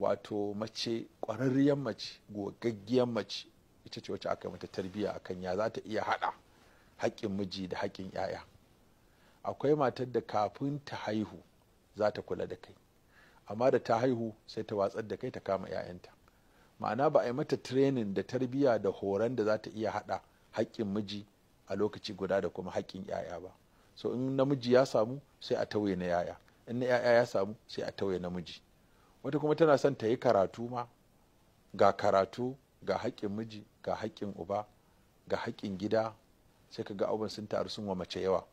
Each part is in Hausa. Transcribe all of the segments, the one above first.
wato mace ƙwararriyar mace gogaggiyar mace ita ce wacce aka yi mata tarbiyya akan ya za ta iya haɗa haƙƙin miji da haƙƙin 'ya'ya akwai matar da kafin ta haihu za ta kula da kai amma da ta haihu sai ta watsar da kai ta kama 'ya'yanta ma'ana ba a yi mata tirenin da tarbiyya da horon da za ta iya haɗa haƙƙin miji a lokaci guda da kuma haƙƙin 'ya'ya ba so in namiji ya samu sai a tauye na 'ya'ya in na 'ya'ya ya samu sai a tauye namiji wata kuma tana son ta yi karatu ma ga karatu ga haƙƙin miji ga haƙƙin uba ga haƙƙin gida sai ka ga abin sun taru sun wa mace yawa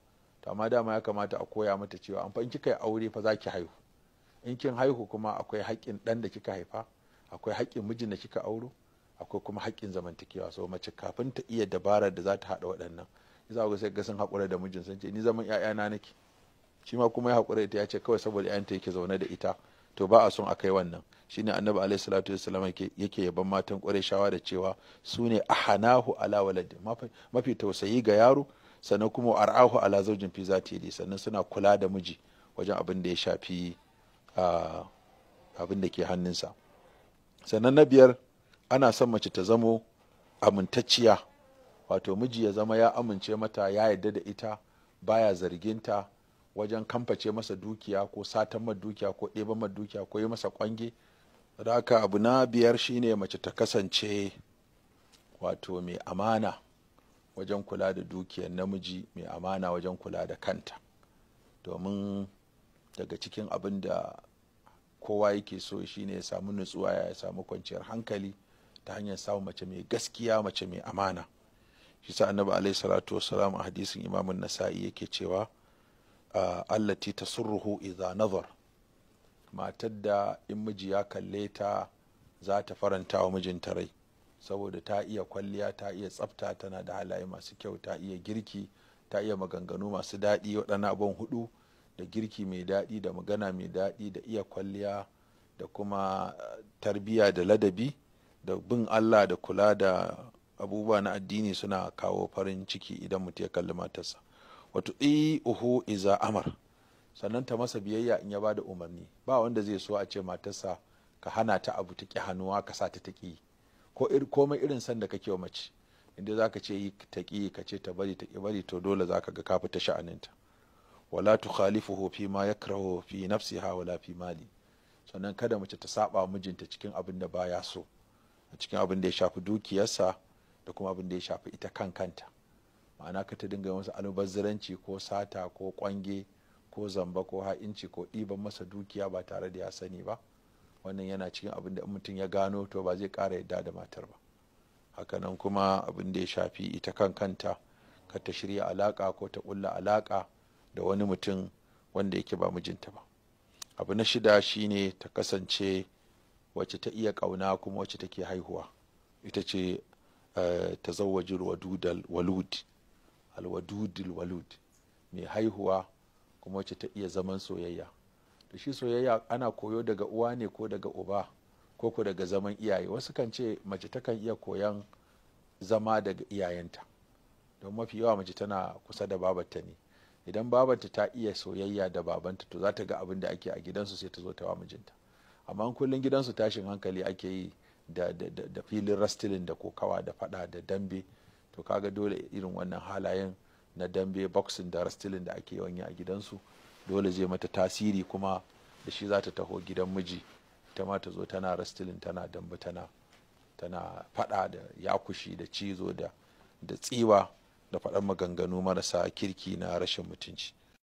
to amma dama ya kamata a koya mata cewa amfa in kika yi aure fa za ki haihu in kin haihu kuma akwai haƙƙin ɗan da kika haifa akwai haƙƙin mijin da kika auro akwai kuma haƙƙin zamantakewa so mace kafin ta iya dabarar da za ta haɗa waɗannan za ku sai ga sun haƙura da mijin sun ce ni zaman 'ya'yana nake shi ma kuma ya haƙura ita ya ce kawai saboda 'ya'yanta yake zaune da ita to ba a son a kai wannan shine annabi alaihi salatu salam yake yaban matan kwarai shawa da cewa su ne a hanahu ala walad mafi tausayi ga yaro sannan kuma ar'ahu ala zaujin fi zati sannan suna kula da miji wajen abin da ya shafi abin da ke hannunsa sannan na biyar ana son mace ta zamo amintacciya wato miji ya zama ya amince mata ya yarda da ita baya zarginta wajen kamface masa dukiya ko satan mar dukiya ko ɗeban mar dukiya ko yi masa kwange raka abu na biyar shine mace ta kasance wato mai amana wajen kula da dukiyar namiji mai amana wajen kula da kanta domin daga cikin abin da kowa yake so shine ya samu nutsuwa ya samu kwanciyar hankali ta hanyar samun mace mai gaskiya mace mai amana shi sa annabi alaihi salatu wasalam a hadisin imamun nasa'i yake cewa allati surruhu idza nazar matar da in miji ya kalle ta za ta faranta wa mijinta rai saboda ta iya kwalliya ta iya tsafta tana da halaye masu kyau ta iya girki ta iya maganganu masu daɗi waɗannan abin hudu da girki mai daɗi da magana mai daɗi da iya kwalliya da kuma tarbiya da ladabi da bin allah da kula da abubuwa na addini suna kawo farin ciki idan mutum ya kalli matarsa wato uhu iza amar sannan ta masa biyayya in ya bada umarni ba wanda zai so a ce matarsa ka hana ta abu ta ki hannuwa ka sa ta ta ki ko komai irin san da kake wa mace inda za ka ce yi ta ki ka ce ta bari ta ki bari to dole za ka ga kafi ta sha'aninta wala tu tukhalifuhu fi ma yakrahu fi nafsiha wala fi mali sannan kada mace ta saba mijinta cikin abin da baya so a cikin abin da ya shafi dukiyarsa da kuma abin da ya shafi ita kan kanta ma'ana ka ta dinga masa almubazzaranci ko sata ko kwange ko zamba ko ha'inci ko ɗiban masa dukiya ba tare da ya sani ba wannan yana cikin abin da mutum ya gano to ba zai ƙara yadda da matar ba hakanan kuma abin da ya shafi ita kan kanta ka ta shirya alaƙa ko ta ƙulla alaƙa da wani mutum wanda yake ba mijinta ba abu na shida shine ta kasance wacce ta iya ƙauna kuma wacce take haihuwa ita ce eh, ta zawaji wadudal walud alwadudul walud mai haihuwa kuma wacce ta iya zaman soyayya da shi soyayya ana koyo daga uwa ne ko daga uba ko ko daga zaman iyaye wasu kan ce mace takan iya koyan zama daga iyayenta don mafi yawa mace tana kusa da babanta ne idan babanta ta iya soyayya da babanta to za ta ga abin da ake a gidansu sai ta zo ta wa mijinta amma kullum gidansu tashin hankali ake yi da filin rastilin da kokawa da fada da dambe to kaga dole irin wannan halayen na dambe boxing da wrestling da ake yawan yi a gidansu dole zai mata tasiri kuma da shi za ta taho gidan miji ita ma ta zo tana wrestling tana dambe tana tana fada da yakushi da cizo da da tsiwa da faɗan maganganu marasa kirki na rashin mutunci